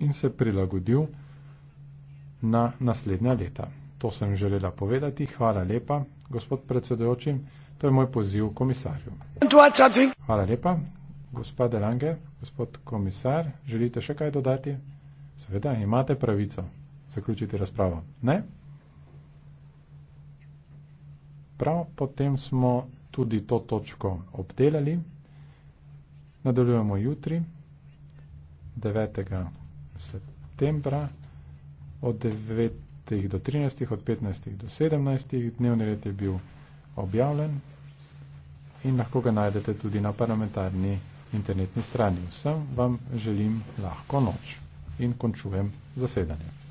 in se prilagodil na naslednja leta. To sem želela povedati. Hvala lepa, gospod predsedojoči. To je moj poziv komisarju. Hvala lepa, gospa Delange, gospod komisar. Želite še kaj dodati? Seveda, imate pravico zaključiti razpravo. Ne? Prav, potem smo tudi to točko obdelali. Nadaljujemo jutri, 9 septembra od 9. do 13., od 15. do 17. Dnevni red je bil objavljen in lahko ga najdete tudi na parlamentarni internetni strani. Vsem vam želim lahko noč in končujem zasedanje.